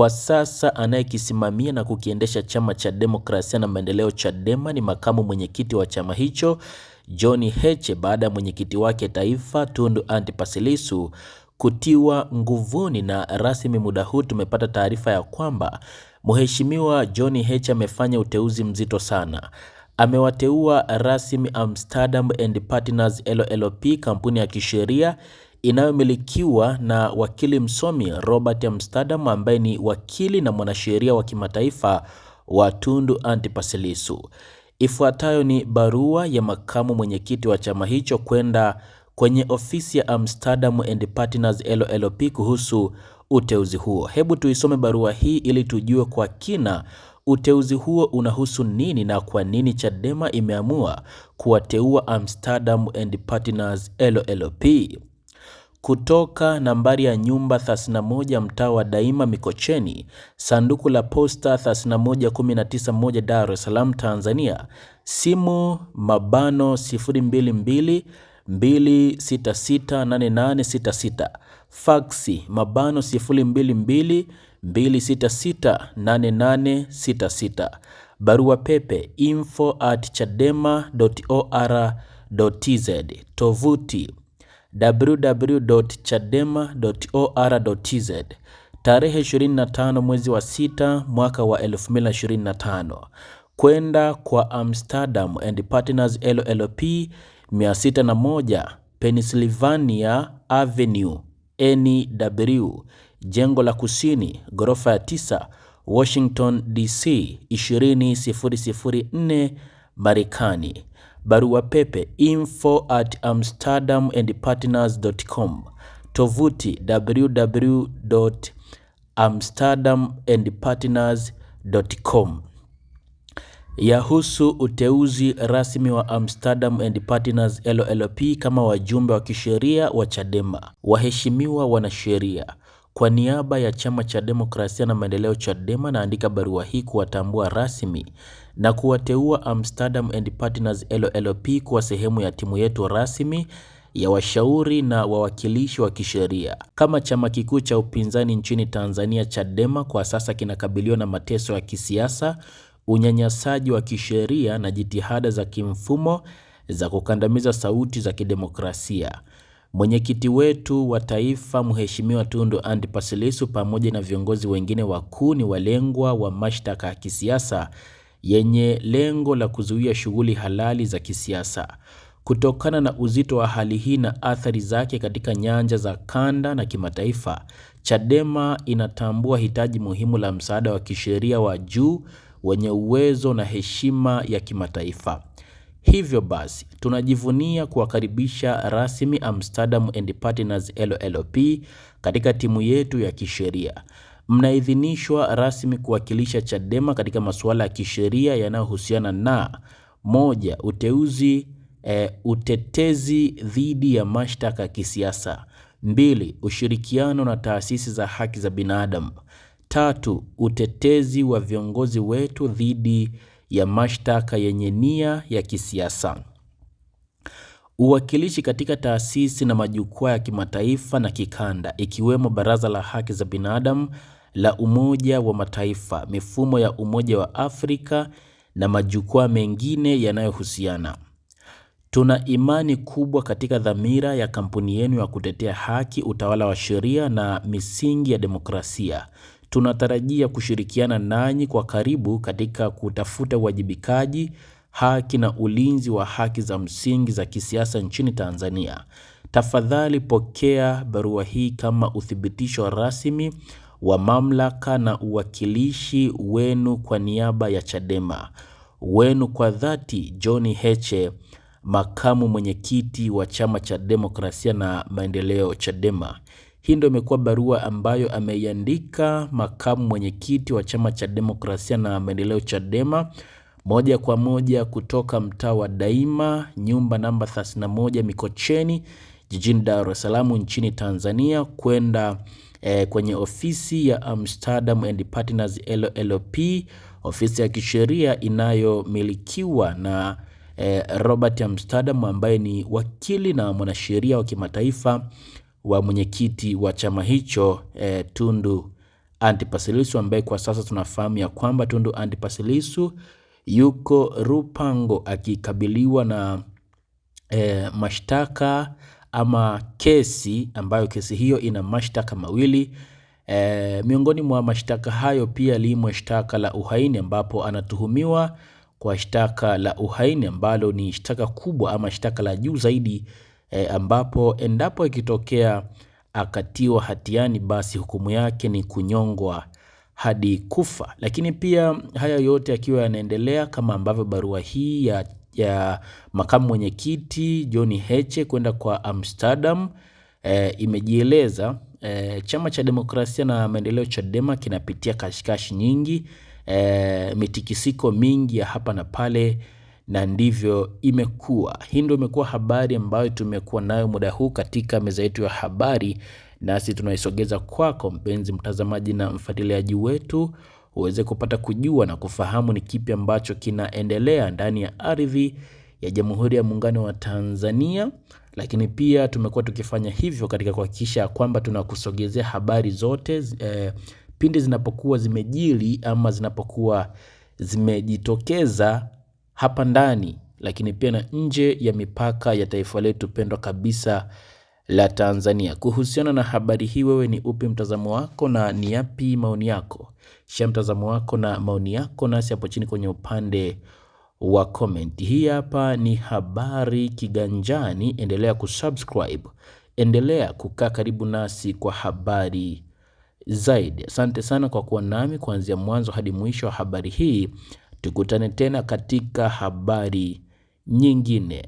Kwa sasa anayekisimamia na kukiendesha chama cha demokrasia na maendeleo Chadema ni makamu mwenyekiti wa chama hicho John Heche baada ya mwenyekiti wake taifa Tundu Antipas Lissu kutiwa nguvuni. Na rasmi muda huu tumepata taarifa ya kwamba mheshimiwa John Heche amefanya uteuzi mzito sana. Amewateua rasmi Amsterdam and Partners LLP, kampuni ya kisheria inayomilikiwa na wakili msomi Robert Amsterdam ambaye ni wakili na mwanasheria wa kimataifa wa Tundu Antipas Lissu. Ifuatayo ni barua ya makamu mwenyekiti wa chama hicho kwenda kwenye ofisi ya Amsterdam and Partners LLP kuhusu uteuzi huo. Hebu tuisome barua hii ili tujue kwa kina uteuzi huo unahusu nini na kwa nini Chadema imeamua kuwateua Amsterdam and Partners LLP kutoka nambari ya nyumba 31 mtaa wa Daima Mikocheni, sanduku la posta 31191 Dar es Salaam, Tanzania. Simu mabano 022 2668866 faksi mabano 022 2668866 barua pepe info at chadema.or.tz tovuti www.chadema.or.tz tarehe 25 mwezi wa sita mwaka wa 2025 kwenda kwa Amsterdam and Partners LLP 601 Pennsylvania Avenue NW e jengo la kusini ghorofa ya 9 Washington DC 20004 Marekani barua pepe info at amsterdamandpartners.com, tovuti www.amsterdamandpartners.com. Yahusu uteuzi rasmi wa Amsterdam and Partners LLP kama wajumbe wa kisheria wa Chadema. Waheshimiwa wanasheria, kwa niaba ya chama cha demokrasia na maendeleo Chadema, naandika barua hii kuwatambua rasmi na kuwateua Amsterdam and Partners LLP kuwa sehemu ya timu yetu rasmi ya washauri na wawakilishi wa kisheria. Kama chama kikuu cha upinzani nchini Tanzania Chadema kwa sasa kinakabiliwa na mateso ya kisiasa, unyanyasaji wa kisheria na jitihada za kimfumo za kukandamiza sauti za kidemokrasia. Mwenyekiti wetu wa taifa Mheshimiwa Tundu Antipas Lissu pamoja na viongozi wengine wakuu ni walengwa wa mashtaka ya kisiasa yenye lengo la kuzuia shughuli halali za kisiasa. Kutokana na uzito wa hali hii na athari zake katika nyanja za kanda na kimataifa, Chadema inatambua hitaji muhimu la msaada wa kisheria wa juu wenye uwezo na heshima ya kimataifa. Hivyo basi, tunajivunia kuwakaribisha rasmi Amsterdam and Partners LLP katika timu yetu ya kisheria. Mnaidhinishwa rasmi kuwakilisha Chadema katika masuala ya kisheria yanayohusiana na moja, uteuzi e, utetezi dhidi ya mashtaka ya kisiasa. Mbili, ushirikiano na taasisi za haki za binadamu. Tatu, utetezi wa viongozi wetu dhidi ya mashtaka yenye nia ya kisiasa. Uwakilishi katika taasisi na majukwaa ya kimataifa na kikanda ikiwemo Baraza la Haki za Binadamu la Umoja wa Mataifa, mifumo ya Umoja wa Afrika na majukwaa mengine yanayohusiana. Tuna imani kubwa katika dhamira ya kampuni yenu ya kutetea haki, utawala wa sheria na misingi ya demokrasia. Tunatarajia kushirikiana nanyi kwa karibu katika kutafuta uwajibikaji, haki na ulinzi wa haki za msingi za kisiasa nchini Tanzania. Tafadhali pokea barua hii kama uthibitisho rasmi wa mamlaka na uwakilishi wenu kwa niaba ya Chadema. Wenu kwa dhati John Heche, makamu mwenyekiti wa chama cha demokrasia na maendeleo Chadema. Hii ndio imekuwa barua ambayo ameiandika makamu mwenyekiti wa chama cha demokrasia na maendeleo Chadema, moja kwa moja kutoka mtaa wa Daima, nyumba namba 31 Mikocheni, jijini Dar es Salaam nchini Tanzania, kwenda eh, kwenye ofisi ya Amsterdam and Partners LLP, ofisi ya kisheria inayomilikiwa na eh, Robert Amsterdam ambaye ni wakili na mwanasheria wa kimataifa wa mwenyekiti wa chama hicho eh, Tundu Antipas Lissu ambaye kwa sasa tunafahamu ya kwamba Tundu Antipas Lissu yuko Rupango akikabiliwa na eh, mashtaka ama kesi ambayo kesi hiyo ina mashtaka mawili. E, miongoni mwa mashtaka hayo pia limo shtaka la uhaini ambapo anatuhumiwa kwa shtaka la uhaini ambalo ni shtaka kubwa ama shtaka la juu zaidi e, ambapo endapo ikitokea akatiwa hatiani basi hukumu yake ni kunyongwa hadi kufa. Lakini pia haya yote akiwa yanaendelea, kama ambavyo barua hii ya ya makamu mwenyekiti John Heche kwenda kwa Amsterdam e, imejieleza e, chama cha demokrasia na maendeleo Chadema kinapitia kashikashi nyingi e, mitikisiko mingi ya hapa na pale na ndivyo imekuwa. Hii ndio imekuwa habari ambayo tumekuwa nayo muda huu katika meza yetu ya habari, nasi tunaisogeza kwako mpenzi mtazamaji na mfuatiliaji wetu uweze kupata kujua na kufahamu ni kipi ambacho kinaendelea ndani ya ardhi ya Jamhuri ya Muungano wa Tanzania, lakini pia tumekuwa tukifanya hivyo katika kuhakikisha kwamba tunakusogezea habari zote eh, pindi zinapokuwa zimejili ama zinapokuwa zimejitokeza hapa ndani, lakini pia na nje ya mipaka ya taifa letu pendwa kabisa la Tanzania. Kuhusiana na habari hii, wewe ni upi mtazamo wako na ni yapi maoni yako? Shia mtazamo wako na maoni yako nasi hapo chini kwenye upande wa comment. Hii hapa ni Habari Kiganjani. Endelea kusubscribe, endelea kukaa karibu nasi kwa habari zaidi. Asante sana kwa kuwa nami kuanzia mwanzo hadi mwisho wa habari hii. Tukutane tena katika habari nyingine.